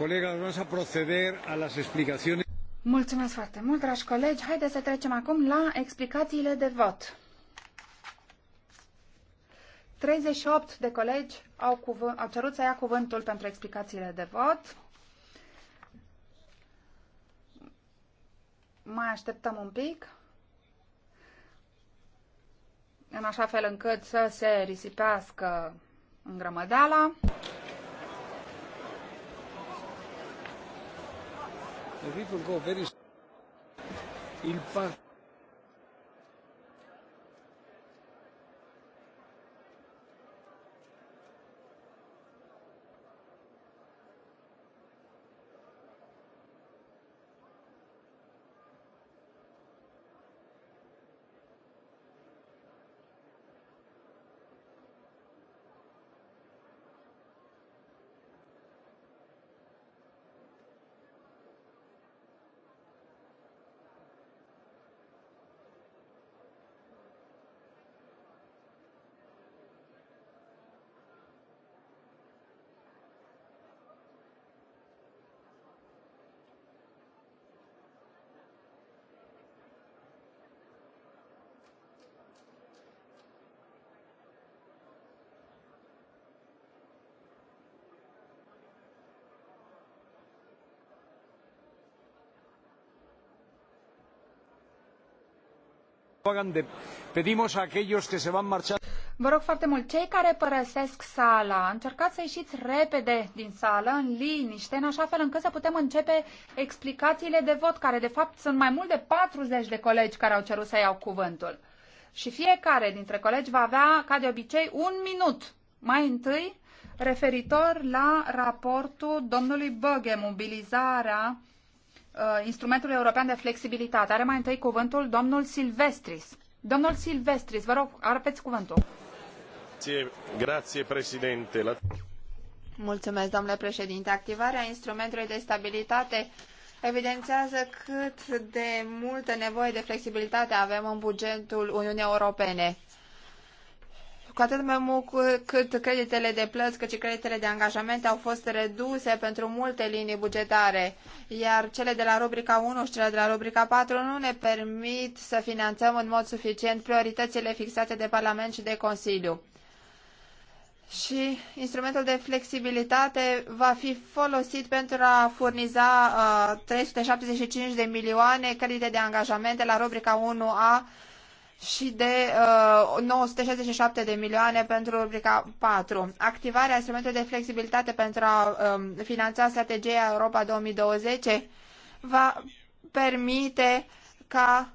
colegas, vamos a proceder a las explicaciones. Mulțumesc foarte mult, dragi colegi. Haideți să trecem acum la explicațiile de vot. 38 de colegi au, au cerut să ia cuvântul pentru explicațiile de vot. Mai așteptăm un pic, în așa fel încât să se risipească îngrămădeala. And we will Il part... Vă rog foarte mult, cei care părăsesc sala, încercați să ieșiți repede din sală, în liniște, în așa fel încât să putem începe explicațiile de vot, care de fapt sunt mai mult de 40 de colegi care au cerut să iau cuvântul. Și fiecare dintre colegi va avea, ca de obicei, un minut. Mai întâi, referitor la raportul domnului Băghe, mobilizarea Uh, instrumentul european de flexibilitate. Are mai întâi cuvântul domnul Silvestris. Domnul Silvestris, vă rog, arăpeți cuvântul. Grazie, președinte. La... Mulțumesc, domnule președinte. Activarea instrumentului de stabilitate evidențează cât de multă nevoie de flexibilitate avem în bugetul Uniunii Europene cu atât mai mult cât creditele de plăți, cât și creditele de angajamente au fost reduse pentru multe linii bugetare, iar cele de la rubrica 1 și cele de la rubrica 4 nu ne permit să finanțăm în mod suficient prioritățile fixate de Parlament și de Consiliu. Și instrumentul de flexibilitate va fi folosit pentru a furniza uh, 375 de milioane credite de angajamente la rubrica 1A și de uh, 967 de milioane pentru rubrica 4. Activarea instrumentului de flexibilitate pentru a um, uh, finanța strategia Europa 2020 va permite ca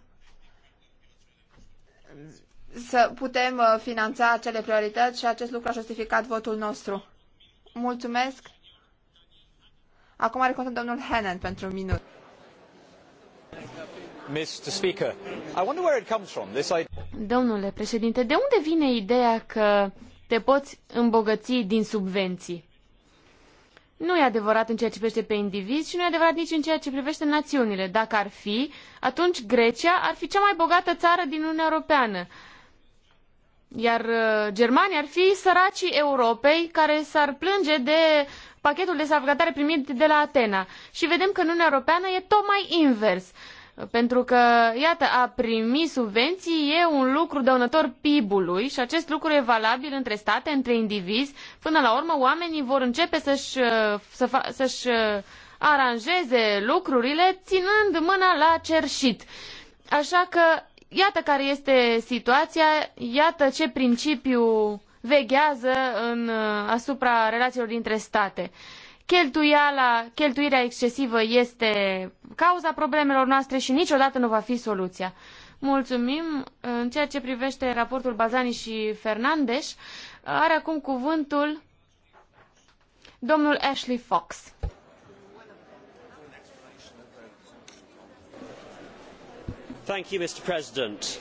să putem uh, finanța cele priorități și acest lucru a justificat votul nostru. Mulțumesc! Acum are cuvântul domnul Hennen pentru un minut. Domnule președinte, de unde vine ideea că te poți îmbogăți din subvenții? Nu e adevărat în ceea ce privește pe indivizi și nu e adevărat nici în ceea ce privește națiunile. Dacă ar fi, atunci Grecia ar fi cea mai bogată țară din Uniunea Europeană. Iar uh, Germania ar fi săracii Europei care s-ar plânge de pachetul de salvgardare primit de la Atena. Și vedem că în Uniunea Europeană e tocmai invers. Pentru că, iată, a primi subvenții e un lucru dăunător PIB-ului și acest lucru e valabil între state, între indivizi. Până la urmă, oamenii vor începe să-și, uh, să, fa- să-și uh, aranjeze lucrurile ținând mâna la cerșit. Așa că, iată care este situația, iată ce principiu veghează în, uh, asupra relațiilor dintre state. Uh, Cheltuiala, cheltuirea excesivă este cauza problemelor noastre și niciodată nu va fi soluția. Mulțumim. În ceea ce privește raportul Bazani și Fernandes, are acum cuvântul domnul Ashley Fox. Thank you, Mr. President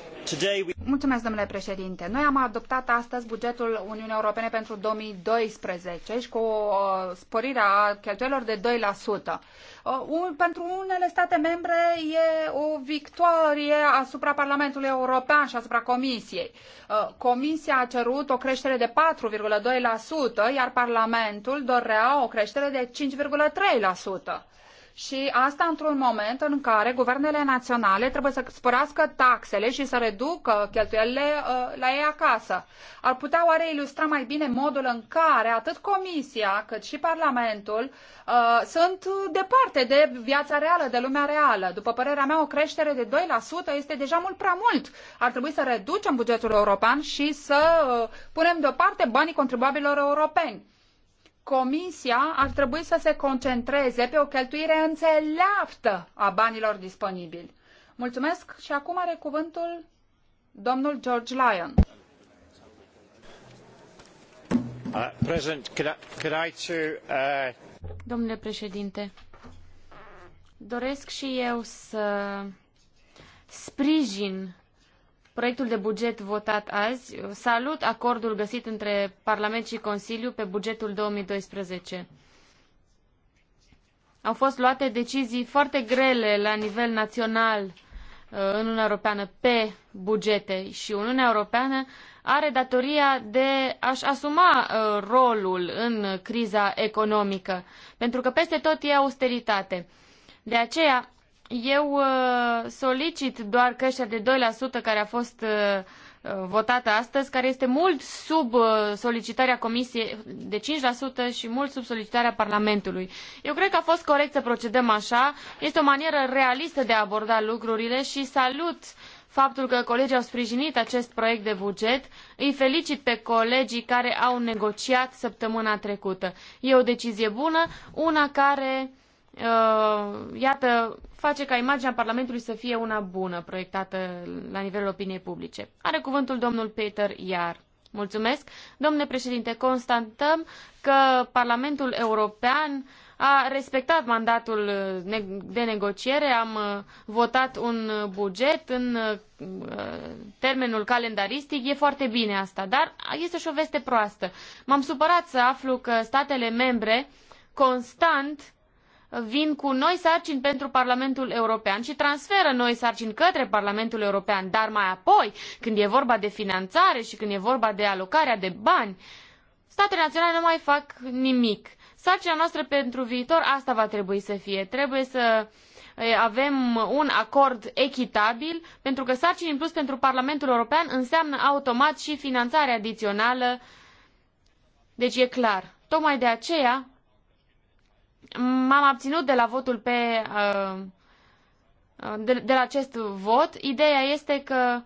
domnule președinte. Noi am adoptat astăzi bugetul Uniunii Europene pentru 2012 și cu o uh, sporire a cheltuielor de 2%. Uh, pentru unele state membre e o victorie asupra Parlamentului European și asupra Comisiei. Uh, Comisia a cerut o creștere de 4,2%, iar Parlamentul dorea o creștere de 5,3% și asta într-un moment în care guvernele naționale trebuie să sporească taxele și să reducă cheltuielile uh, la ei acasă. Ar putea oare ilustra mai bine modul în care atât Comisia cât și Parlamentul uh, sunt departe de viața reală, de lumea reală. După părerea mea, o creștere de 2% este deja mult prea mult. Ar trebui să reducem bugetul european și să uh, punem deoparte banii contribuabililor europeni Comisia ar trebui să se concentreze pe o cheltuire înțeleaptă a banilor disponibili. Mulțumesc și acum are cuvântul domnul George Lyon. Uh, uh, Domnule președinte, doresc și eu să sprijin proiectul de buget votat azi. Salut acordul găsit între Parlament și Consiliu pe bugetul 2012. Au fost luate decizii foarte grele la nivel național uh, în Uniunea Europeană pe bugete și Uniunea Europeană are datoria de a-și asuma uh, rolul în criza economică, pentru că peste tot e austeritate. De aceea eu uh, solicit doar creșterea de 2% care a fost uh, uh, votată astăzi, care este mult sub solicitarea Comisiei de 5% și mult sub solicitarea Parlamentului. Eu cred că a fost corect să procedăm așa. Este o manieră realistă de a aborda lucrurile și salut faptul că colegii au sprijinit acest proiect de buget. Îi felicit pe colegii care au negociat săptămâna trecută. E o decizie bună, una care Uh, iată, face ca imaginea Parlamentului să fie una bună proiectată la nivelul opiniei publice. Are cuvântul domnul Peter Iar. Mulțumesc. Domnule președinte, constatăm că Parlamentul European a respectat mandatul de negociere, am uh, votat un buget în uh, termenul calendaristic, e foarte bine asta, dar este și o veste proastă. M-am supărat să aflu că statele membre constant vin cu noi sarcini pentru Parlamentul European și transferă noi sarcini către Parlamentul European, dar mai apoi, când e vorba de finanțare și când e vorba de alocarea de bani, statele naționale nu mai fac nimic. Sarcina noastră pentru viitor asta va trebui să fie. Trebuie să avem un acord echitabil, pentru că sarcini în plus pentru Parlamentul European înseamnă automat și finanțare adițională. Deci e clar. Tocmai de aceea m-am abținut de la votul pe uh, de, de la acest vot. Ideea este că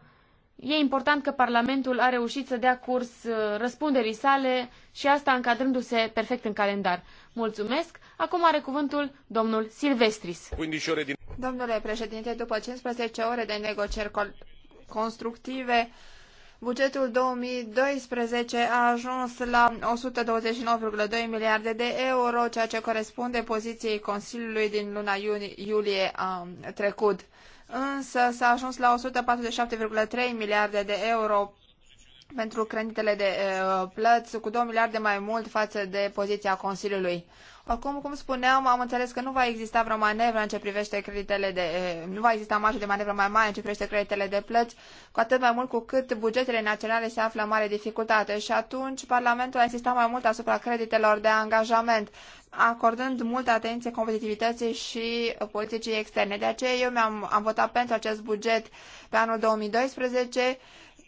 e important că Parlamentul a reușit să dea curs uh, răspunderii sale și asta încadrându-se perfect în calendar. Mulțumesc. Acum are cuvântul domnul Silvestris. Domnule președinte, după 15 ore de negocieri constructive, Bugetul 2012 a ajuns la 129,2 miliarde de euro, ceea ce corespunde poziției Consiliului din luna iulie a trecut. Însă s-a ajuns la 147,3 miliarde de euro pentru creditele de uh, plăți, cu 2 miliarde mai mult față de poziția Consiliului. Acum, cum spuneam, am înțeles că nu va exista vreo manevră în ce privește creditele de... Eh, nu va exista marjă de manevră mai mare în ce privește creditele de plăți, cu atât mai mult cu cât bugetele naționale se află în mare dificultate și atunci Parlamentul a insistat mai mult asupra creditelor de angajament, acordând multă atenție competitivității și politicii externe. De aceea eu mi-am am votat pentru acest buget pe anul 2012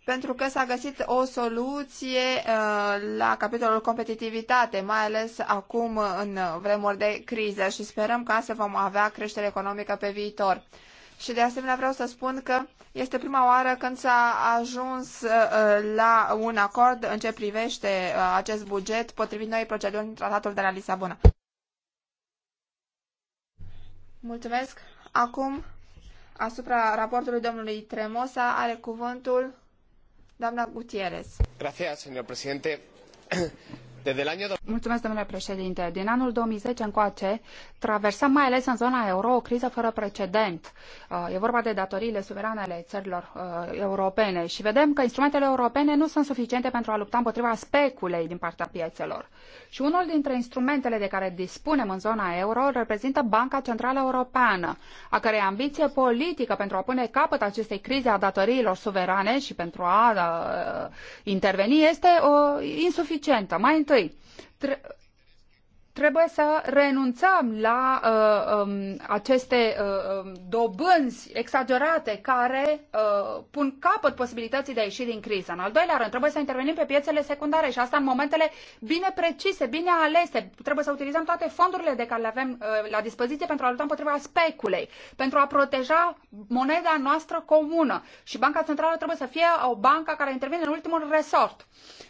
pentru că s-a găsit o soluție uh, la capitolul competitivitate, mai ales acum în vremuri de criză și sperăm că să vom avea creștere economică pe viitor. Și de asemenea vreau să spun că este prima oară când s-a ajuns uh, uh la un acord în ce privește uh, acest buget potrivit noi proceduri în tratatul de la Lisabona. Mulțumesc. Acum, asupra raportului domnului Tremosa, are cuvântul Doamna Gutierrez. Gracias, señor presidente. Desde el año Mulțumesc, domnule președinte. Din anul 2010 încoace, traversăm mai ales în zona euro o criză fără precedent. Uh, e vorba de datoriile suverane ale țărilor uh, europene și vedem că instrumentele europene nu sunt suficiente pentru a lupta împotriva speculei din partea piețelor. Și unul dintre instrumentele de care dispunem în zona euro reprezintă Banca Centrală Europeană, a cărei ambiție politică pentru a pune capăt acestei crize a datoriilor suverane și pentru a uh, interveni este insuficientă. Mai întâi, tre trebuie să renunțăm la uh, um, aceste uh, um, dobânzi exagerate care uh, pun capăt posibilității de a ieși din criză. În al doilea rând, trebuie să intervenim pe piețele secundare și asta în momentele bine precise, bine alese. Trebuie să utilizăm toate fondurile de care le avem uh, la dispoziție pentru a lupta împotriva speculei, pentru a proteja moneda noastră comună. Și Banca Centrală trebuie să fie o bancă care intervine în ultimul resort. Uh,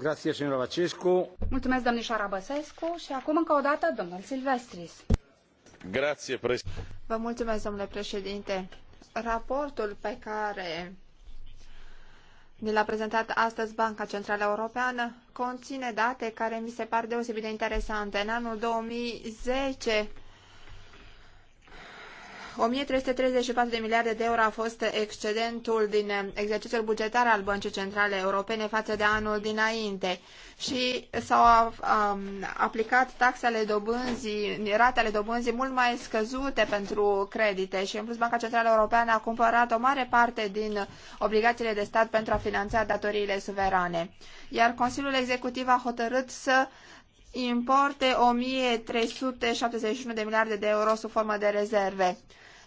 Mulțumesc, Și acum, încă o dată, domnul Silvestris. mulțumesc, domnule președinte. Raportul pe care ni l-a prezentat astăzi Banca Centrală Europeană, conține date care mi se par deosebit de interesante. În anul 2010, 1334 de miliarde de euro a fost excedentul din exercițiul bugetar al Băncii Centrale Europene față de anul dinainte și s-au um, aplicat taxele dobânzii, ratele dobânzii mult mai scăzute pentru credite și în plus Banca Centrală Europeană a cumpărat o mare parte din obligațiile de stat pentru a finanța datoriile suverane. Iar Consiliul Executiv a hotărât să importe 1371 de miliarde de euro sub formă de rezerve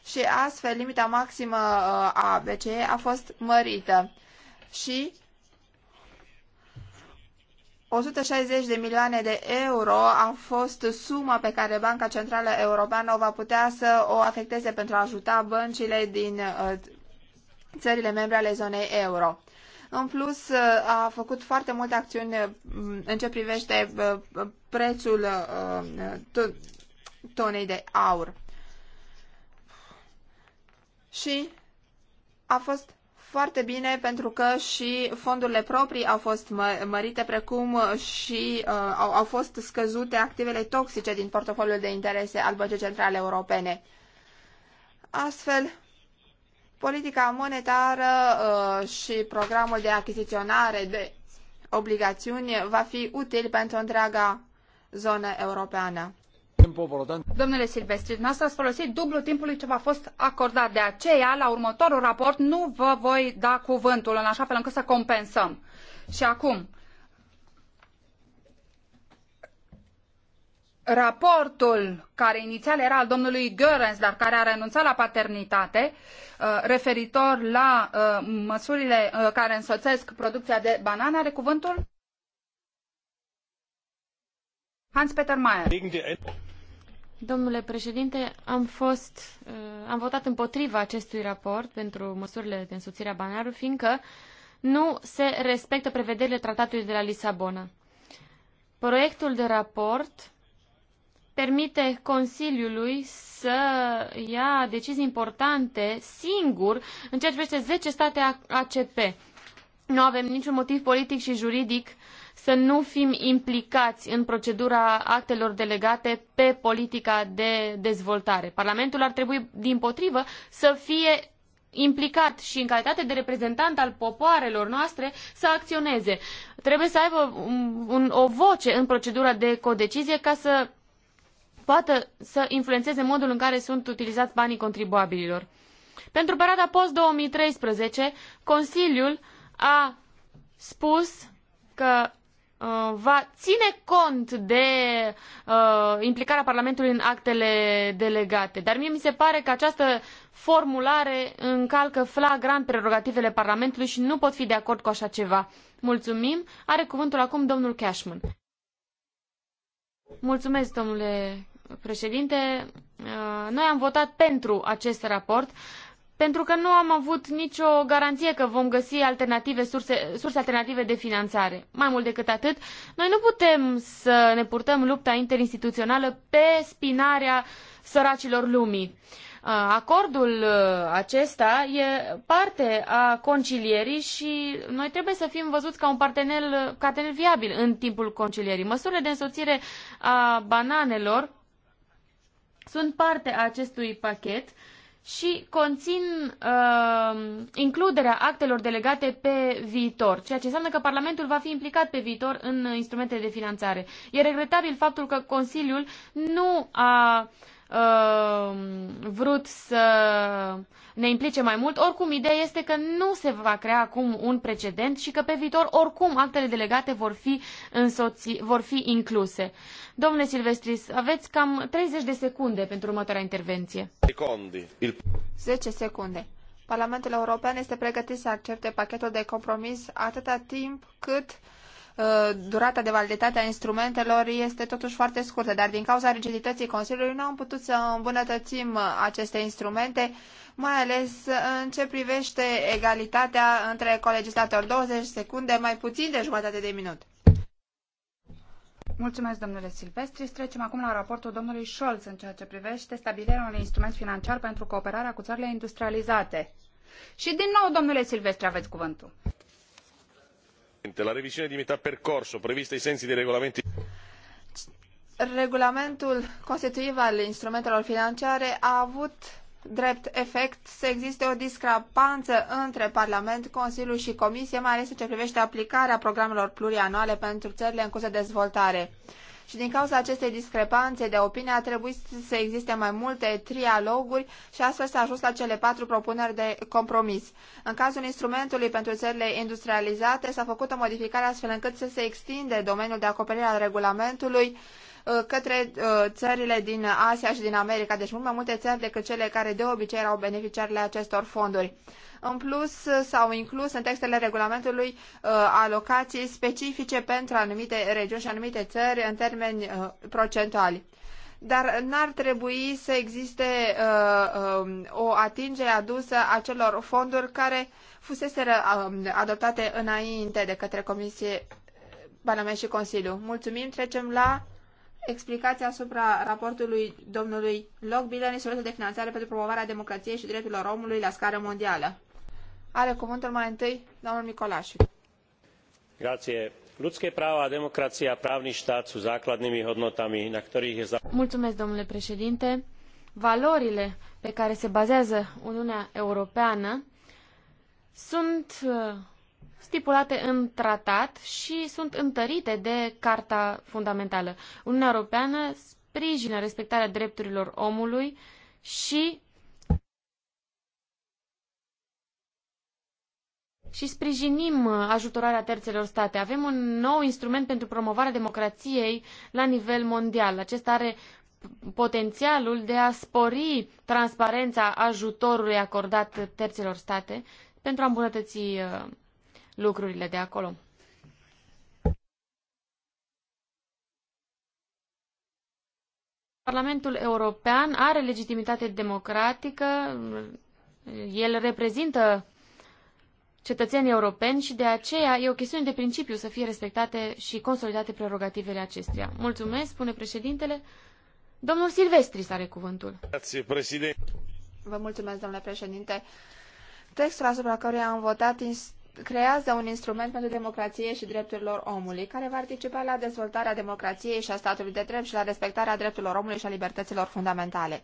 și astfel limita maximă uh, a BCE a fost mărită și 160 de milioane de euro a fost suma pe care Banca Centrală Europeană o va putea să o afecteze pentru a ajuta băncile din uh, țările membre ale zonei euro. În plus, uh, a făcut foarte multe acțiuni în ce privește prețul tonei de aur și a fost foarte bine pentru că și fondurile proprii au fost mă mărite, precum uh, și uh, au, au fost scăzute activele toxice din portofoliul de interese al Băncii Centrale Europene. Astfel, politica monetară uh, și programul de achiziționare de obligațiuni va fi util pentru întreaga zonă europeană. Domnule Silvestri, dumneavoastră ați folosit dublu timpului ce v-a fost acordat. De aceea, la următorul raport, nu vă voi da cuvântul în așa fel încât să compensăm. Și acum, raportul care inițial era al domnului Goerens, dar care a renunțat la paternitate, uh, referitor la uh, măsurile uh, care însoțesc producția de banane, are cuvântul? Hans-Peter Mayer. Domnule președinte, am, fost, uh, am votat împotriva acestui raport pentru măsurile de însuțire a banilor, fiindcă nu se respectă prevederile tratatului de la Lisabona. Proiectul de raport permite Consiliului să ia decizii importante singur în ceea ce privește 10 state ACP. Nu avem niciun motiv politic și juridic uh, să nu fim implicați în procedura actelor delegate pe politica de dezvoltare. Parlamentul ar trebui, din potrivă, să fie implicat și în calitate de reprezentant al popoarelor noastre să acționeze. Trebuie să aibă un, un, o voce în procedura de codecizie ca să poată să influențeze modul în care sunt utilizați banii contribuabililor. Pentru perioada post-2013, Consiliul a spus că Uh, va ține cont de uh, implicarea Parlamentului în actele delegate. Dar mie mi se pare că această formulare încalcă flagrant prerogativele Parlamentului și nu pot fi de acord cu așa ceva. Mulțumim. Are cuvântul acum domnul Cashman. Mulțumesc, domnule președinte. Uh, noi am votat pentru acest raport. Uh, pentru că nu am avut nicio garanție că vom găsi alternative, surse, surse alternative de finanțare. Mai mult decât atât, noi nu putem să ne purtăm lupta interinstituțională pe spinarea săracilor lumii. Acordul acesta e parte a concilierii și noi trebuie să fim văzuți ca un partener, partener viabil în timpul concilierii. Măsurile de însoțire a bananelor sunt parte a acestui pachet uh, și conțin uh, includerea actelor delegate pe viitor, ceea ce înseamnă că Parlamentul va fi implicat pe viitor în instrumente de finanțare. E regretabil faptul că Consiliul nu a uh, uh, vrut să ne implice mai mult. Oricum, ideea este că nu se va crea acum un precedent și că pe viitor, oricum, actele delegate vor fi, însoți, vor fi incluse. Domnule Silvestris, aveți cam 30 de secunde pentru următoarea intervenție. 10 secunde. Parlamentul European este pregătit să accepte pachetul de compromis atâta timp cât uh, Uh, durata de validitate a instrumentelor este totuși foarte scurtă, dar din cauza rigidității Consiliului nu am putut să îmbunătățim aceste instrumente, mai ales în ce privește egalitatea între colegislatori 20 secunde, mai puțin de jumătate de minut. Mulțumesc, domnule Silvestri. Trecem acum la raportul domnului Scholz în ceea ce privește stabilirea unui instrument financiar pentru cooperarea cu țările industrializate. Și din nou, domnule Silvestri, aveți cuvântul la revisiune di metà percorso prevista ai sensi dei regolamenti Regulamentul constitutiv al instrumentelor financiare a avut drept efect să existe o discrepanță între Parlament, Consiliu și Comisie, mai ales în ce privește aplicarea programelor plurianuale pentru țările în curs de dezvoltare și din cauza acestei discrepanțe de opinie a trebuit să existe mai multe trialoguri și astfel s-a ajuns la cele patru propuneri de compromis. În cazul instrumentului pentru țările industrializate s-a făcut o modificare astfel încât să se extinde domeniul de acoperire al regulamentului uh, către uh, țările din Asia și din America, deci mult mai multe țări decât cele care de obicei erau beneficiarele acestor fonduri. În plus, s-au inclus în textele regulamentului uh, alocații specifice pentru anumite regiuni și anumite țări în termeni uh, procentuali dar n-ar trebui să existe uh, um, o atingere adusă acelor fonduri care fusese uh, um, adoptate înainte de către Comisie Parlament și Consiliu. Mulțumim, trecem la explicația asupra raportului domnului Logbiller, instrumentul de finanțare pentru promovarea democrației și drepturilor omului la scară mondială. Are cuvântul mai întâi domnul Ľudské práva a demokracia a právny štát sú základnými hodnotami, na ktorých je... Mulțumesc, domnule președinte. Valorile pe care se bazează Uniunea Europeană sunt uh, stipulate în tratat și sunt întărite de Carta Fundamentală. Uniunea Europeană sprijină respectarea drepturilor omului și și sprijinim uh, ajutorarea terțelor state. Avem un nou instrument pentru promovarea democrației la nivel mondial. Acesta are potențialul de a spori transparența ajutorului acordat terțelor state pentru a îmbunătăți uh, lucrurile de acolo. Parlamentul European are legitimitate democratică, uh, el reprezintă cetățenii europeni și de aceea e o chestiune de principiu să fie respectate și consolidate prerogativele acestuia. Mulțumesc, spune președintele. Domnul Silvestri are cuvântul. Vă mulțumesc, domnule președinte. Textul asupra căruia am votat creează un instrument pentru democrație și drepturilor omului, care va participa la dezvoltarea democrației și a statului de drept și la respectarea drepturilor omului și a libertăților fundamentale.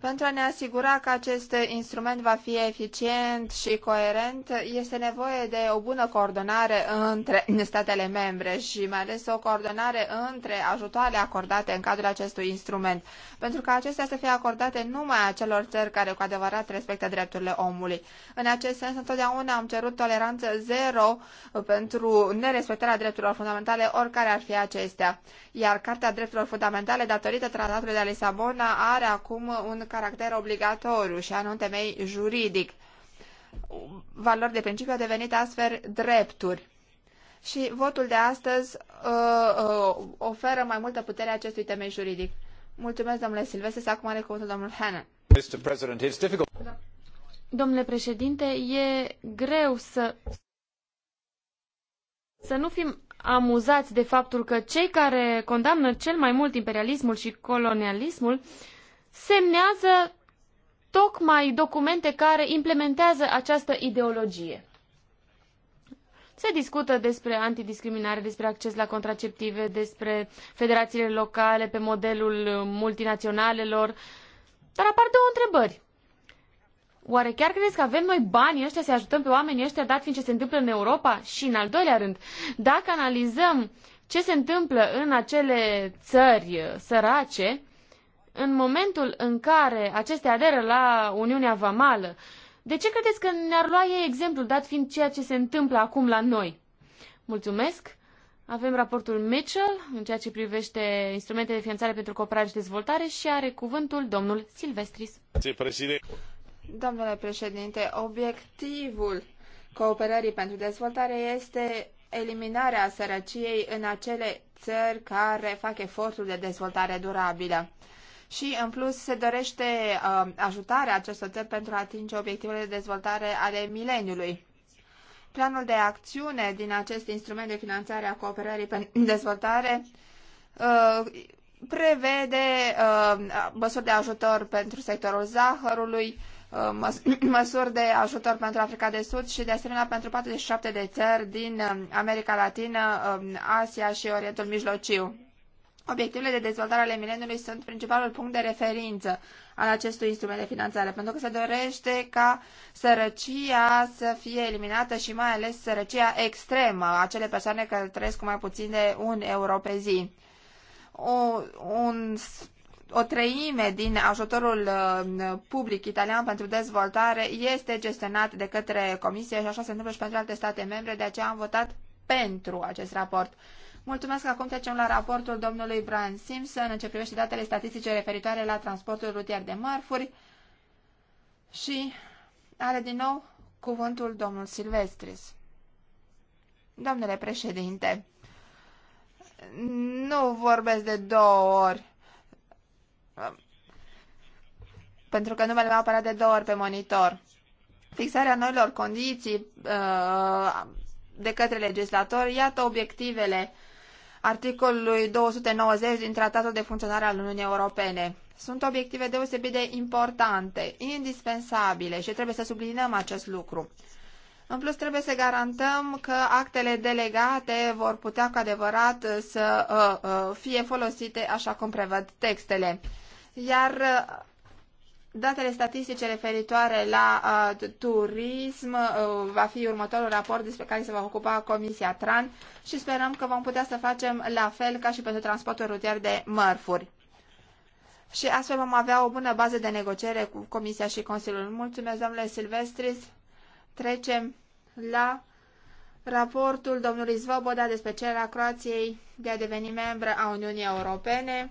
Pentru a ne asigura că acest instrument va fi eficient și coerent, este nevoie de o bună coordonare între statele membre și mai ales o coordonare între ajutoarele acordate în cadrul acestui instrument, pentru că acestea să fie acordate numai acelor țări care cu adevărat respectă drepturile omului. În acest sens, întotdeauna am cerut toleranță zero pentru nerespectarea drepturilor fundamentale, oricare ar fi acestea iar Carta Drepturilor Fundamentale, datorită Tratatului de la Lisabona, are acum un caracter obligatoriu și anume un temei juridic. Valori de principiu au devenit astfel drepturi. Și votul de astăzi uh, uh, oferă mai multă putere acestui temei juridic. Mulțumesc, domnule Silvestre. Acum are cuvântul domnul Hannan. Domnule președinte, e greu să să nu fim amuzați de faptul că cei care condamnă cel mai mult imperialismul și colonialismul semnează tocmai documente care implementează această ideologie. Se discută despre antidiscriminare, despre acces la contraceptive, despre federațiile locale pe modelul multinaționalelor, dar apar două întrebări. Oare chiar credeți că avem noi banii ăștia să ajutăm pe oamenii ăștia, dat fiind ce se întâmplă în Europa? Și în al doilea rând, dacă analizăm ce se întâmplă în acele țări uh, sărace, în momentul în care acestea aderă la Uniunea Vamală, de ce credeți că ne-ar lua ei exemplu, dat fiind ceea ce se întâmplă acum la noi? Mulțumesc! Avem raportul Mitchell în ceea ce privește instrumentele de finanțare pentru cooperare și dezvoltare și are cuvântul domnul Silvestris. Președinte. Domnule președinte, obiectivul cooperării pentru dezvoltare este eliminarea sărăciei în acele țări care fac efortul de dezvoltare durabilă. Și, în plus, se dorește uh, ajutarea acestor țări pentru a atinge obiectivele de dezvoltare ale mileniului. Planul de acțiune din acest instrument de finanțare a cooperării pentru dezvoltare uh, prevede uh, măsuri de ajutor pentru sectorul zahărului, Uh, măsuri de ajutor pentru Africa de Sud și de asemenea pentru 47 de țări din uh, America Latină, um, Asia și Orientul Mijlociu. Obiectivele de dezvoltare ale mileniului sunt principalul punct de referință al acestui instrument de finanțare, pentru că se dorește ca sărăcia să fie eliminată și mai ales sărăcia extremă, acele persoane care trăiesc cu mai puțin de un euro pe zi. O, un o treime din ajutorul uh, public italian pentru dezvoltare este gestionat de către Comisie și așa se întâmplă și pentru alte state membre, de aceea am votat pentru acest raport. Mulțumesc. Acum trecem la raportul domnului Brian Simpson în ce privește datele statistice referitoare la transportul rutier de mărfuri și are din nou cuvântul domnul Silvestris. Domnule președinte, nu vorbesc de două ori da? pentru că numele meu apărea de două ori pe monitor. Fixarea noilor condiții uh, de către legislator, iată obiectivele articolului 290 din Tratatul de Funcționare al Uniunii Europene. Sunt obiective deosebit de importante, indispensabile și trebuie să subliniem acest lucru. În plus, trebuie să garantăm că actele delegate vor putea cu adevărat să uh, uh, fie folosite așa cum prevăd textele. Iar uh, datele statistice referitoare la uh, turism uh, va fi următorul raport despre care se va ocupa Comisia TRAN și sperăm că vom putea să facem la fel ca și pentru transportul rutier de mărfuri. Și astfel vom avea o bună bază de negociere cu Comisia și Consiliul. Mulțumesc, domnule Silvestris. Trecem la raportul domnului Svoboda despre cererea Croației de a deveni membră a Uniunii Europene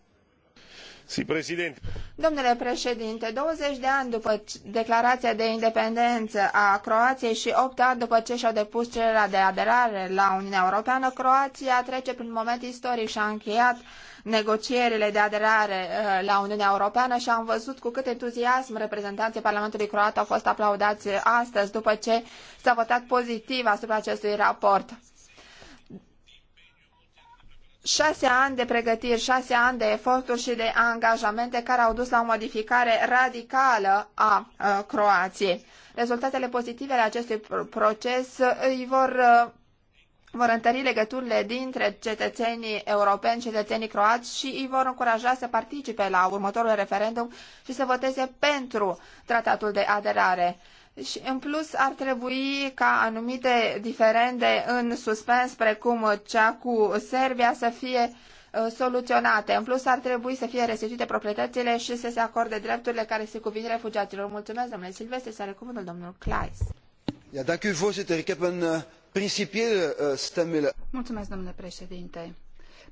Domnule președinte, 20 de ani după declarația de independență a Croației și 8 ani după ce și-au depus cererea de aderare la Uniunea Europeană, Croația trece prin un moment istoric și a încheiat negocierile de aderare uh, la Uniunea Europeană și am văzut cu cât entuziasm reprezentanții Parlamentului Croat au fost aplaudați uh, astăzi după ce s-a votat pozitiv asupra acestui raport șase ani de pregătiri, șase ani de eforturi și de angajamente care au dus la o modificare radicală a Croației. Rezultatele pozitive ale acestui proces îi vor vor întări legăturile dintre cetățenii europeni și cetățenii croați și îi vor încuraja să participe la următorul referendum și să voteze pentru tratatul de aderare. Și în plus ar trebui ca anumite diferende în suspens, precum cea cu Serbia, să fie uh, soluționate. În plus ar trebui să fie restituite proprietățile și să se acorde drepturile care se cuvin refugiaților. Mulțumesc, domnule Silvestre, să are cuvântul domnul Kleis. Uh, uh, Mulțumesc, domnule președinte.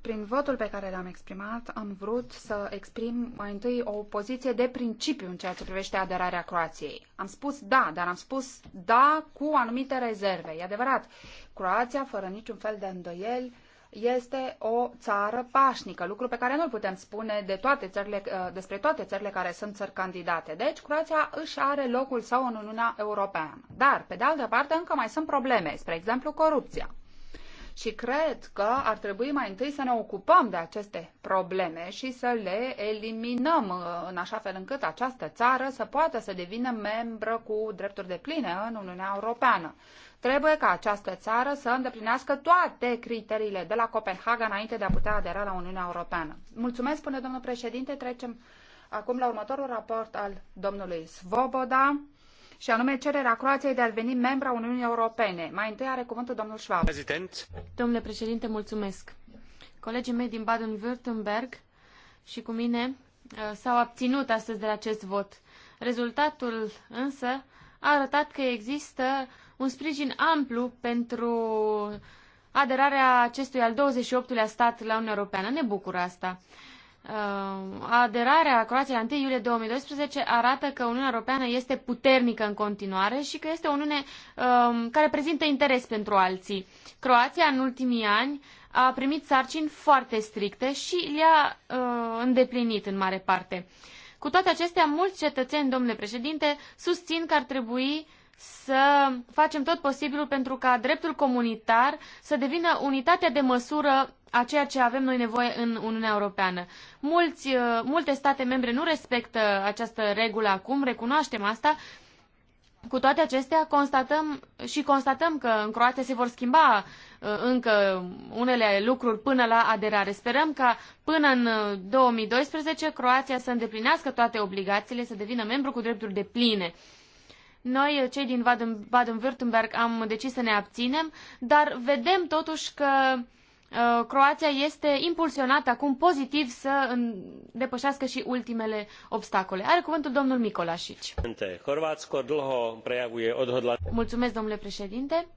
Prin votul pe care l-am exprimat, am vrut să exprim mai întâi o poziție de principiu în ceea ce privește aderarea Croației. Am spus da, dar am spus da cu anumite rezerve. E adevărat, Croația, fără niciun fel de îndoieli, este o țară pașnică, lucru pe care nu-l putem spune de toate țările, uh, despre toate țările care sunt țări candidate. Deci, Croația își are locul său în Uniunea Europeană. Dar, pe de altă parte, încă mai sunt probleme, spre exemplu, corupția și cred că ar trebui mai întâi să ne ocupăm de aceste probleme și să le eliminăm uh, în așa fel încât această țară să poată să devină membră cu drepturi de pline în Uniunea Europeană. Trebuie ca această țară să îndeplinească toate criteriile de la Copenhaga înainte de a putea adera la Uniunea Europeană. Mulțumesc, spune domnul președinte. Trecem acum la următorul raport al domnului Svoboda și anume cererea Croației de a deveni membra Uniunii Europene. Mai întâi are cuvântul domnul Schwab. Prezident. Domnule președinte, mulțumesc. Colegii mei din Baden-Württemberg și cu mine uh, s-au abținut astăzi de la acest vot. Rezultatul însă a arătat că există un sprijin amplu pentru aderarea acestui al 28-lea stat la Uniunea Europeană. Ne bucură asta. Uh, aderarea Croației la 1 iulie 2012 arată că Uniunea Europeană este puternică în continuare și că este o Uniune um, care prezintă interes pentru alții. Croația în ultimii ani a primit sarcini foarte stricte și le-a uh, îndeplinit în mare parte. Cu toate acestea, mulți cetățeni, domnule președinte, susțin că ar trebui să facem tot posibilul pentru ca dreptul comunitar să devină unitatea de măsură a ceea ce avem noi nevoie în Uniunea Europeană. Mulți, uh, multe state membre nu respectă această regulă acum, recunoaștem asta. Cu toate acestea, constatăm și constatăm că în Croația se vor schimba uh, încă unele lucruri până la aderare. Sperăm ca până în 2012 uh, Croația să îndeplinească toate obligațiile, să devină membru cu drepturi de pline noi, cei din Baden-Württemberg, am decis să ne abținem, dar vedem totuși că uh, Croația este impulsionată acum pozitiv să depășească și ultimele obstacole. Are cuvântul domnul Micolașic. Mulțumesc, domnule președinte.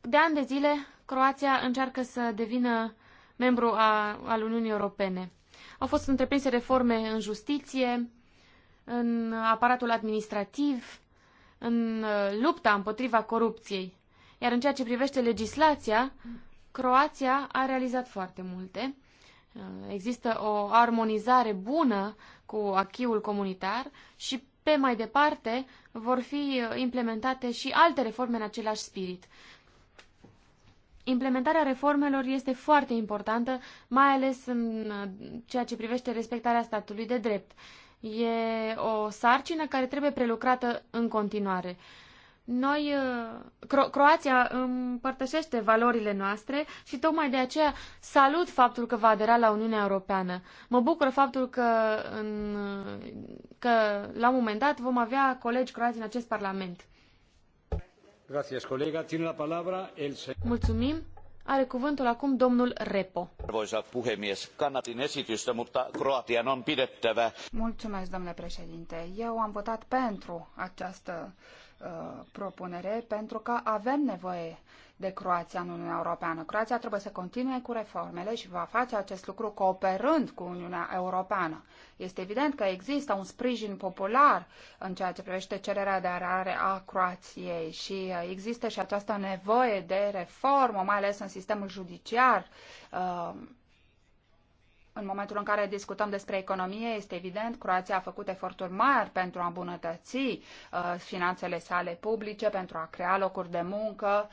De ani de zile, Croația încearcă să devină membru a, al Uniunii Europene. Au fost întreprinse reforme în justiție, în aparatul administrativ, în uh, lupta împotriva corupției. Iar în ceea ce privește legislația, Croația a realizat foarte multe. Uh, există o armonizare bună cu achiul comunitar și pe mai departe vor fi uh, implementate și alte reforme în același spirit. Implementarea reformelor este foarte importantă, mai ales în ceea ce privește respectarea statului de drept. E o sarcină care trebuie prelucrată în continuare. Noi, uh, Cro- Croația împărtășește valorile noastre și tocmai de aceea salut faptul că va adera la Uniunea Europeană. Mă bucură faptul că, în, că la un moment dat vom avea colegi croați în acest Parlament. Mulțumim. Are cuvântul acum domnul Repo. Arvoisa puhemies, kannatin esitystä, mutta Croatian on pidettävä. Mulțumesc, domnule președinte. Eu am votat pentru această uh, Uh, propunere pentru că avem nevoie de Croația în Uniunea Europeană. Croația trebuie să continue cu reformele și va face acest lucru cooperând cu Uniunea Europeană. Este evident că există un sprijin popular în ceea ce privește cererea de arare a Croației și uh, există și această nevoie de reformă, mai ales în sistemul judiciar. Uh, în momentul în care discutăm despre economie, este evident, Croația a făcut eforturi mari pentru a îmbunătăți uh, finanțele sale publice, pentru a crea locuri de muncă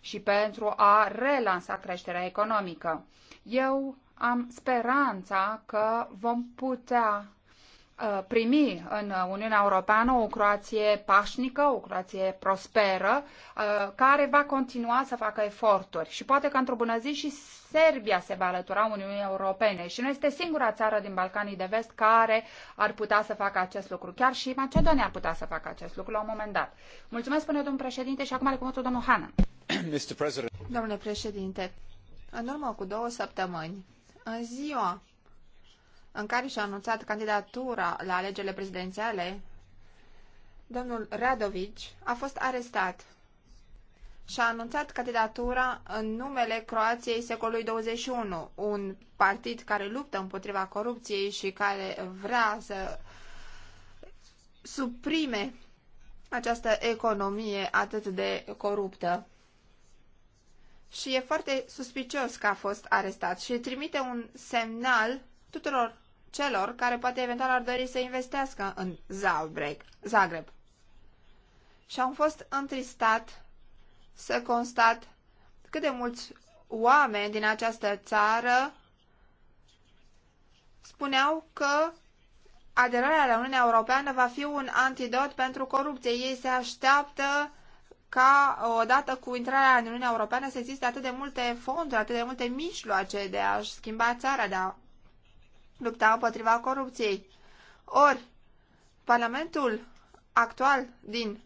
și pentru a relansa creșterea economică. Eu am speranța că vom putea Uh, primi în Uniunea Europeană o Croație pașnică, o Croație prosperă, uh, care va continua să facă eforturi. Și poate că într-o bună zi și Serbia se va alătura Uniunii Europene și nu este singura țară din Balcanii de Vest care ar putea să facă acest lucru. Chiar și Macedonia ar putea să facă acest lucru la un moment dat. Mulțumesc, până domnul președinte, și acum are cuvântul domnul Hanan. Domnule președinte, în urmă cu două săptămâni, în ziua în care și-a anunțat candidatura la alegerile prezidențiale, domnul Radovici a fost arestat și-a anunțat candidatura în numele Croației secolului 21, un partid care luptă împotriva corupției și care vrea să suprime această economie atât de coruptă. Și e foarte suspicios că a fost arestat și trimite un semnal tuturor celor care poate eventual ar dori să investească în Zagreb. Zagreb. Și am fost întristat să constat cât de mulți oameni din această țară spuneau că aderarea la Uniunea Europeană va fi un antidot pentru corupție. Ei se așteaptă ca odată cu intrarea în Uniunea Europeană să existe atât de multe fonduri, atât de multe mijloace de a-și schimba țara, de a lupta împotriva corupției. Ori, Parlamentul actual din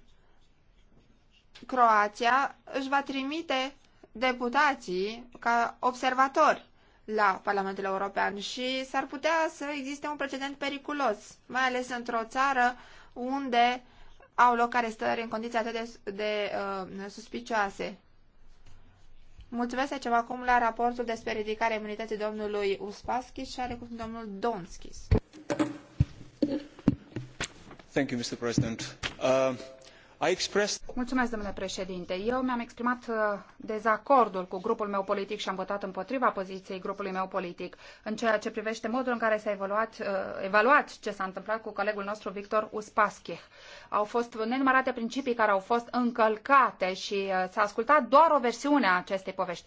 Croația își va trimite deputații ca observatori la Parlamentul European și s-ar putea să existe un precedent periculos, mai ales într-o țară unde au loc arestări în condiții atât de, de uh, suspicioase. Mulțumesc ceva acum la raportul despre ridicarea imunității domnului Uspaschis și are cuvânt domnul Donskis. Thank you, Mr. President. Uh eu mi am exprimat uh, dezacordul cu grupul meu politic și am votat împotriva poziției grupului meu politic în ceea ce privește modul în care s-a evaluat, uh, evaluat ce s-a întâmplat cu colegul nostru Victor Uspaschich. Au fost nenumărate principii care au fost încălcate și uh, s-a ascultat doar o versiune a acestei povești.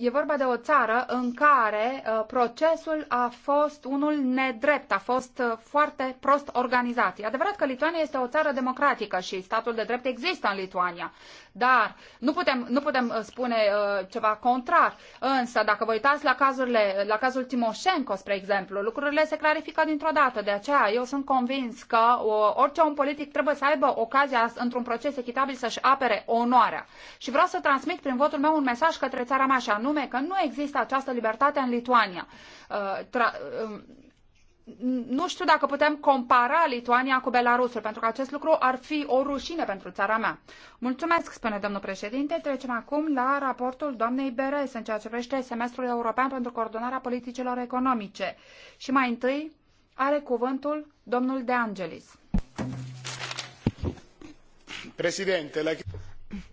E vorba de o țară în care uh, procesul a fost unul nedrept, a fost uh, foarte prost organizat. E adevărat că Lituania este o țară democratică și statul de drept există în Lituania, dar nu putem, nu putem uh, spune uh, ceva contrar. Însă, dacă vă uitați la, cazurile, la cazul Timoșenko, spre exemplu, lucrurile se clarifică dintr-o dată. De aceea, eu sunt convins că orice om politic trebuie să aibă ocazia, într-un proces echitabil, să-și apere onoarea. Și vreau să transmit prin votul meu un mesaj către țara mea, și nu anume că nu există această libertate în Lituania. Uh, um, nu știu dacă putem compara Lituania cu Belarusul, pentru că acest lucru ar fi o rușine pentru țara mea. Mulțumesc, spune domnul președinte. Trecem acum la raportul doamnei Beres în ceea ce privește semestrul european pentru coordonarea politicilor economice. Și mai întâi are cuvântul domnul De Angelis. Președinte, la...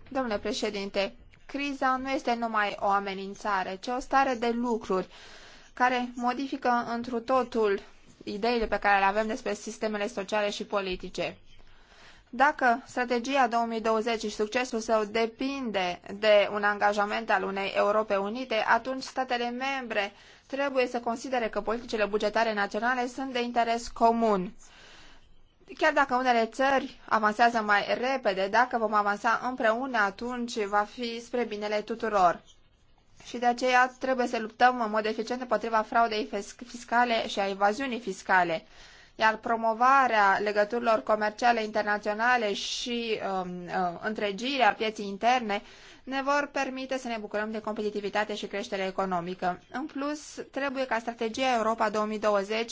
Domnule președinte, criza nu este numai o amenințare, ci o stare de lucruri care modifică întru totul ideile pe care le avem despre sistemele sociale și politice. Dacă strategia 2020 și succesul său depinde de un angajament al unei Europe Unite, atunci statele membre trebuie să considere că politicile bugetare naționale sunt de interes comun Chiar dacă unele țări avansează mai repede, dacă vom avansa împreună, atunci va fi spre binele tuturor. Și de aceea trebuie să luptăm în mod eficient împotriva fraudei fiscale și a evaziunii fiscale. Iar promovarea legăturilor comerciale internaționale și um, uh, întregirea pieții interne ne vor permite să ne bucurăm de competitivitate și creștere economică. În plus, trebuie ca strategia Europa 2020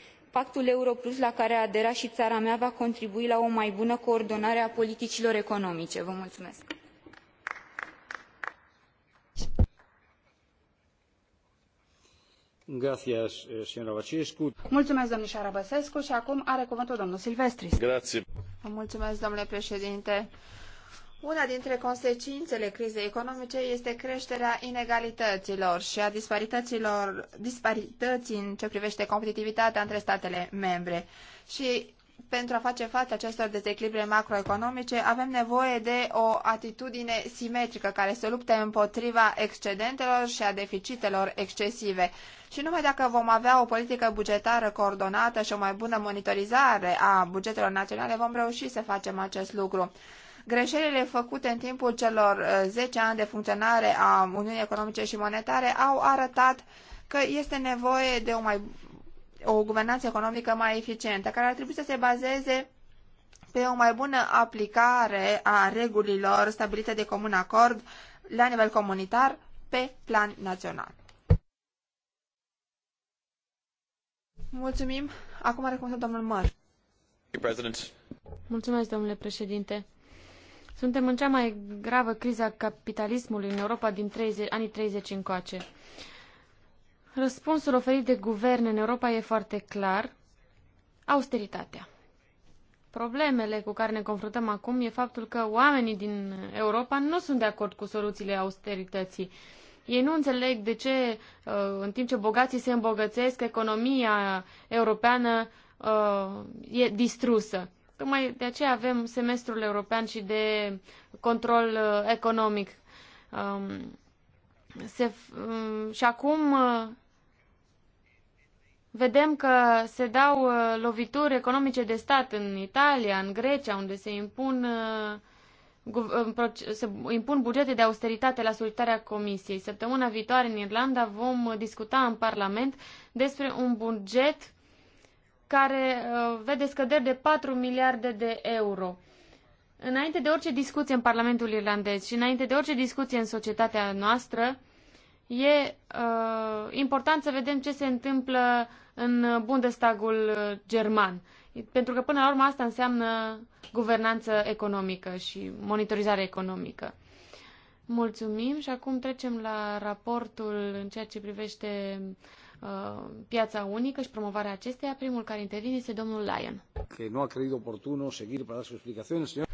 pactul euro plus la care a aderat i ara mea va contribui la o mai bună coordonare a politicilor economice. Vă mulțumesc. Mulțumesc, domnișoara Băsescu, și acum are cuvântul domnul Silvestris. Mulțumesc, domnule președinte. Una dintre consecințele crizei economice este creșterea inegalităților și a disparităților, disparității în ce privește competitivitatea între statele membre. Și pentru a face față acestor dezechilibre macroeconomice, avem nevoie de o atitudine simetrică care să lupte împotriva excedentelor și a deficitelor excesive. Și numai dacă vom avea o politică bugetară coordonată și o mai bună monitorizare a bugetelor naționale, vom reuși să facem acest lucru. Greșelile făcute în timpul celor 10 uh, ani de funcționare a Uniunii Economice și Monetare au arătat că este nevoie de o, mai, o guvernanță economică mai eficientă, care ar trebui să se bazeze pe o mai bună aplicare a regulilor stabilite de comun acord la nivel comunitar pe plan național. Mulțumim. Acum are cuvântul domnul Măr. Mulțumesc, domnule președinte. Suntem în cea mai gravă criză a capitalismului în Europa din 30, anii 30 încoace. Răspunsul oferit de guverne în Europa e foarte clar. Austeritatea. Problemele cu care ne confruntăm acum e faptul că oamenii din Europa nu sunt de acord cu soluțiile austerității. Ei nu înțeleg de ce, uh, în timp ce bogații se îmbogățesc, economia europeană uh, e distrusă. Tocmai de aceea avem semestrul european și de control uh, economic. Um, se, um, și acum uh, vedem că se dau uh, lovituri economice de stat în Italia, în Grecia, unde se impun, uh, se impun bugete de austeritate la solicitarea Comisiei. Săptămâna viitoare în Irlanda vom discuta în Parlament despre un buget care uh, vede scăderi de 4 miliarde de euro. Înainte de orice discuție în Parlamentul Irlandez și înainte de orice discuție în societatea noastră, e uh, important să vedem ce se întâmplă în Bundestagul uh, german. Pentru că, până la urmă, asta înseamnă guvernanță economică și monitorizare economică. Mulțumim și acum trecem la raportul în ceea ce privește uh, Uh, piața unică și promovarea acesteia. Primul care intervine este domnul Lyon. Că nu a creit oportun seguir para su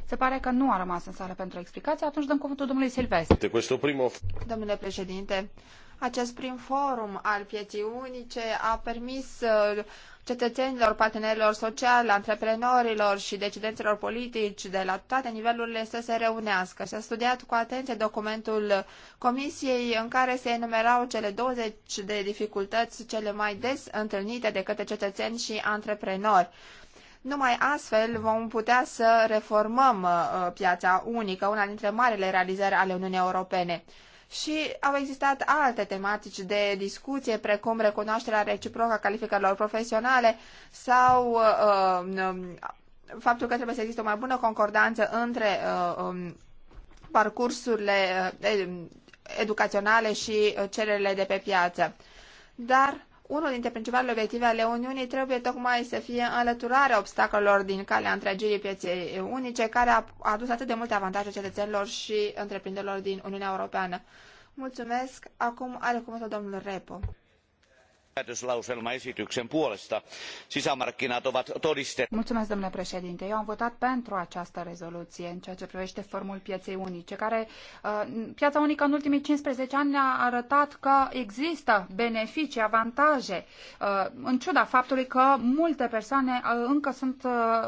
Se pare că nu a rămas în sală pentru explicații, atunci dăm cuvântul domnului Silvestre. Domnule președinte, acest prim forum al pieții unice a permis uh, cetățenilor, partenerilor sociali, antreprenorilor și decidenților politici de la toate nivelurile să se reunească. S-a studiat cu atenție documentul comisiei în care se enumerau cele 20 de dificultăți cele mai des întâlnite de către cetățeni și antreprenori. Numai astfel vom putea să reformăm uh, piața unică, una dintre marile realizări ale Uniunii Europene. Și au existat alte tematici de discuție, precum recunoașterea reciprocă a calificărilor profesionale sau uh, um, faptul că trebuie să existe o mai bună concordanță între uh, um, parcursurile uh, educaționale și uh, cererile de pe piață. Dar unul dintre principalele obiective ale Uniunii trebuie tocmai să fie înlăturarea obstacolelor din calea întregirii pieței unice, care a adus atât de multe avantaje cetățenilor și întreprinderilor din Uniunea Europeană. Mulțumesc. Acum are cuvântul domnul Repo päätöslauselmaesityksen puolesta. Sisämarkkinat ovat todiste. domnule președinte. Eu am votat pentru această rezoluție în ceea ce privește formul pieței unice, care uh, piața unică în ultimii 15 ani ne-a arătat că există beneficii, avantaje, uh, în ciuda faptului că multe persoane uh, încă sunt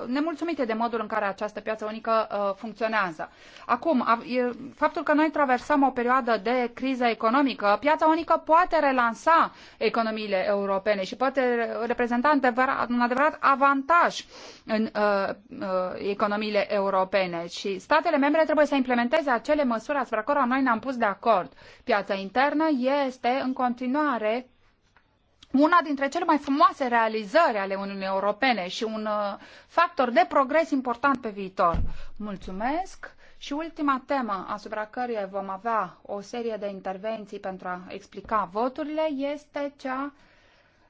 nemulțumite de modul în care această piață unică funcționează. Acum, faptul că noi traversăm o perioadă de criză economică, piața unică poate relansa economiile instituțiile europene și poate reprezenta un adevărat avantaj în uh, uh, economiile europene. Și statele membre trebuie să implementeze acele măsuri asupra cărora noi ne-am pus de acord. Piața internă este în continuare una dintre cele mai frumoase realizări ale Uniunii Europene și un uh, factor de progres important pe viitor. Mulțumesc! Și ultima temă asupra căruia vom avea o serie de intervenții pentru a explica voturile este cea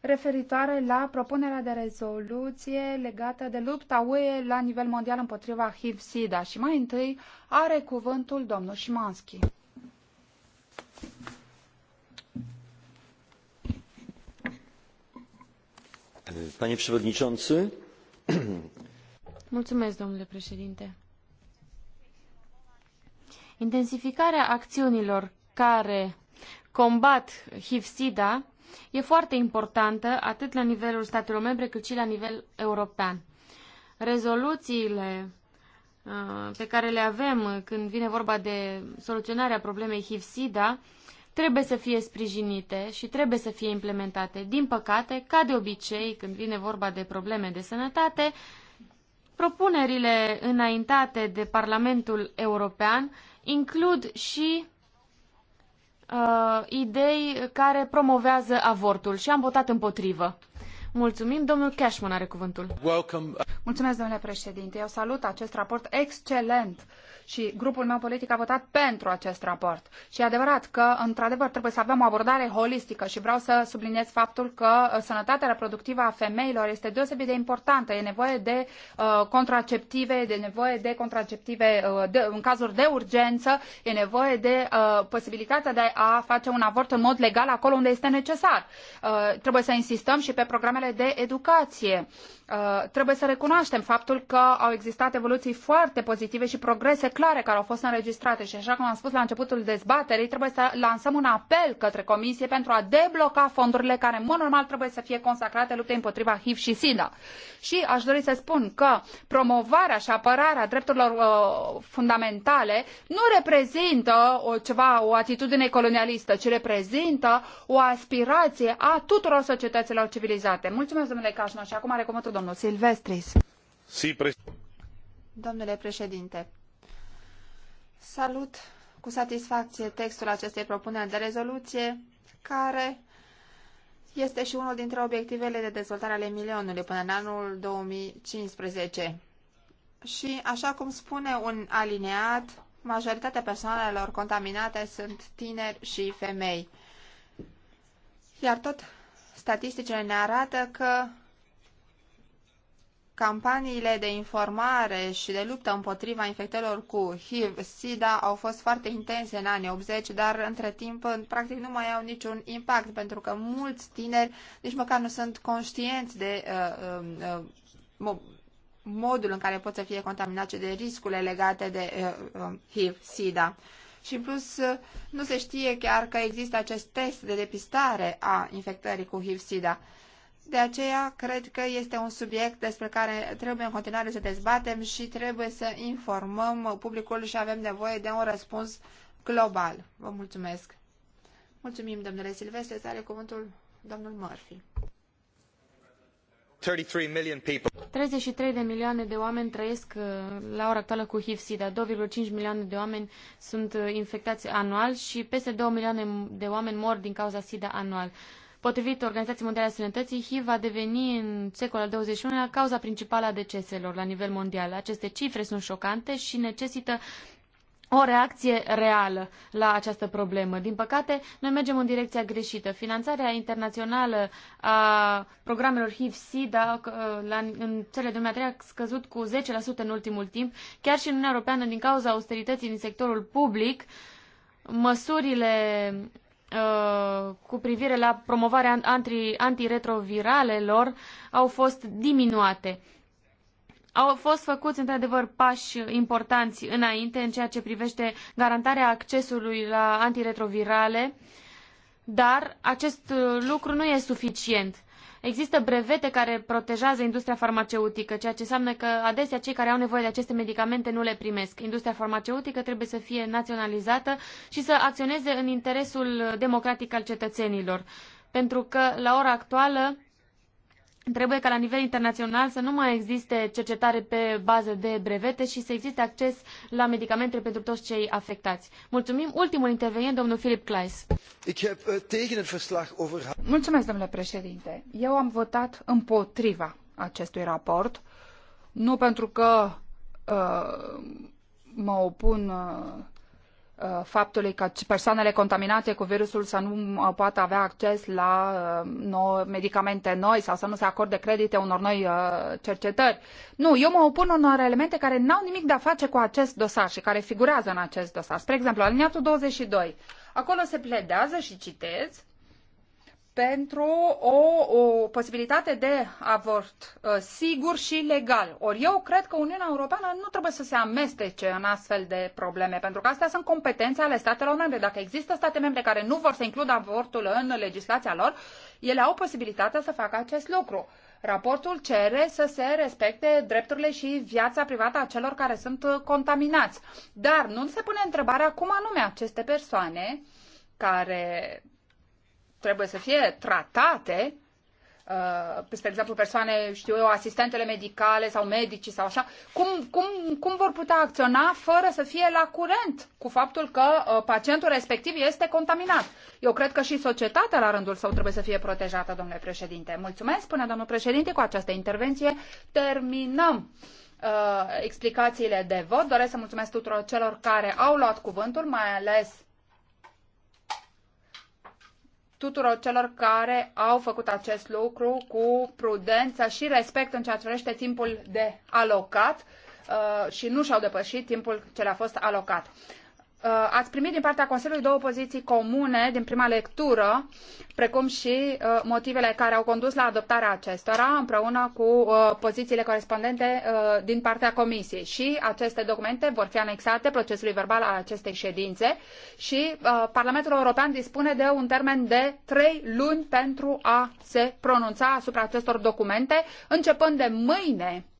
referitoare la propunerea de rezoluție legată de lupta UE la nivel mondial împotriva HIV-SIDA. Și mai întâi are cuvântul domnul Șimanski. Panie przewodniczący. Mulțumesc, domnule președinte. Intensificarea acțiunilor care combat HIV-SIDA e foarte importantă atât la nivelul statelor membre cât și la nivel european. Rezoluțiile uh, pe care le avem când vine vorba de soluționarea problemei HIV-SIDA trebuie să fie sprijinite și trebuie să fie implementate. Din păcate, ca de obicei, când vine vorba de probleme de sănătate, propunerile înaintate de Parlamentul European includ și uh, idei care promovează avortul și am votat împotrivă. Mulțumim. Domnul Cashman are cuvântul. Welcome. Mulțumesc, domnule președinte. Eu salut acest raport excelent și grupul meu politic a votat pentru acest raport. Și e adevărat că, într-adevăr, trebuie să avem o abordare holistică și vreau să subliniez faptul că uh, sănătatea reproductivă a femeilor este deosebit de importantă. E nevoie de uh, contraceptive, de nevoie de contraceptive uh, de, în cazuri de urgență, e nevoie de uh, posibilitatea de a face un avort în mod legal acolo unde este necesar. Uh, trebuie să insistăm și pe programele de educație. Uh, Uh, trebuie să recunoaștem faptul că au existat evoluții foarte pozitive și progrese clare care au fost înregistrate și așa cum am spus la începutul dezbaterii, trebuie să lansăm un apel către Comisie pentru a debloca fondurile care în mod normal trebuie să fie consacrate luptei împotriva HIV și SIDA. Și aș dori să spun că promovarea și apărarea drepturilor uh, fundamentale nu reprezintă o, ceva, o atitudine colonialistă, ci reprezintă o aspirație a tuturor societăților civilizate. Mulțumesc, domnule Cașno, și acum are cuvântul președinte, salut cu satisfacție textul acestei propuneri de rezoluție, care este și unul dintre obiectivele de dezvoltare ale milionului până în anul 2015. Și, așa cum spune un alineat, majoritatea persoanelor contaminate sunt tineri și femei. Iar tot statisticile ne arată că Campaniile de informare și de luptă împotriva infectelor cu HIV-SIDA au fost foarte intense în anii 80, dar între timp practic nu mai au niciun impact pentru că mulți tineri nici măcar nu sunt conștienți de uh, uh, uh modul în care pot să fie contaminați de riscurile legate de uh, uh HIV-SIDA. Și în plus uh, nu se știe chiar că există acest test de depistare a infectării cu HIV-SIDA. De aceea, cred că este un subiect despre care trebuie în continuare să dezbatem și trebuie să informăm publicul și avem nevoie de un răspuns global. Vă mulțumesc. Mulțumim, domnule Silvestre. Să are cuvântul domnul Murphy. 33, de milioane de oameni trăiesc uh, la ora actuală cu hiv sida 2,5 milioane de oameni sunt uh, infectați anual și peste 2 milioane de oameni mor din cauza SIDA anual. Potrivit Organizației Mondiale a Sănătății, HIV va deveni în secolul al XXI-lea cauza principală a deceselor la nivel mondial. Aceste cifre sunt șocante și necesită o reacție reală la această problemă. Din păcate, noi mergem în direcția greșită. Finanțarea internațională a programelor HIV-SIDA uh, în țările dumneavoastră a scăzut cu 10% în ultimul timp, chiar și în Uniunea Europeană din cauza austerității din sectorul public, măsurile cu privire la promovarea antiretroviralelor au fost diminuate. Au fost făcuți, într-adevăr, pași importanți înainte în ceea ce privește garantarea accesului la antiretrovirale, dar acest lucru nu e suficient. Există brevete care protejează industria farmaceutică, ceea ce înseamnă că adesea cei care au nevoie de aceste medicamente nu le primesc. Industria farmaceutică trebuie să fie naționalizată și să acționeze în interesul democratic al cetățenilor. Pentru că, la ora actuală, Trebuie ca la nivel internațional să nu mai existe cercetare pe bază de brevete și să existe acces la medicamente pentru toți cei afectați. Mulțumim. Ultimul intervenient, domnul Philip Kleis. Eh, Mulțumesc, domnule președinte. Eu am votat împotriva acestui raport, nu pentru că uh, mă opun uh, Uh, faptului că persoanele contaminate cu virusul să nu poată avea acces la uh, noi, medicamente noi sau să nu se acorde credite unor noi uh, cercetări. Nu, eu mă opun unor elemente care n-au nimic de a face cu acest dosar și care figurează în acest dosar. Spre exemplu, aliniatul 22. Acolo se pledează și citez pentru o, o posibilitate de avort uh, sigur și legal. Ori eu cred că Uniunea Europeană nu trebuie să se amestece în astfel de probleme, pentru că astea sunt competențe ale statelor membre. Dacă există state membre care nu vor să includă avortul în legislația lor, ele au posibilitatea să facă acest lucru. Raportul cere să se respecte drepturile și viața privată a celor care sunt uh, contaminați. Dar nu se pune întrebarea cum anume aceste persoane care trebuie să fie tratate, uh, spre exemplu persoane, știu eu, asistentele medicale sau medicii sau așa, cum, cum, cum vor putea acționa fără să fie la curent cu faptul că uh, pacientul respectiv este contaminat? Eu cred că și societatea la rândul său trebuie să fie protejată, domnule președinte. Mulțumesc, spune domnul președinte, cu această intervenție terminăm uh, explicațiile de vot. Doresc să mulțumesc tuturor celor care au luat cuvântul, mai ales tuturor celor care au făcut acest lucru cu prudență și respect în ceea ce privește timpul de alocat uh, și nu și-au depășit timpul ce le-a fost alocat. Uh, ați primit din partea Consiliului două poziții comune din prima lectură, precum și uh, motivele care au condus la adoptarea acestora, împreună cu uh, pozițiile corespondente din partea Comisiei. Și aceste documente vor fi anexate procesului verbal al acestei ședințe și Parlamentul European dispune de un termen de trei luni pentru a se pronunța asupra acestor documente, începând de mâine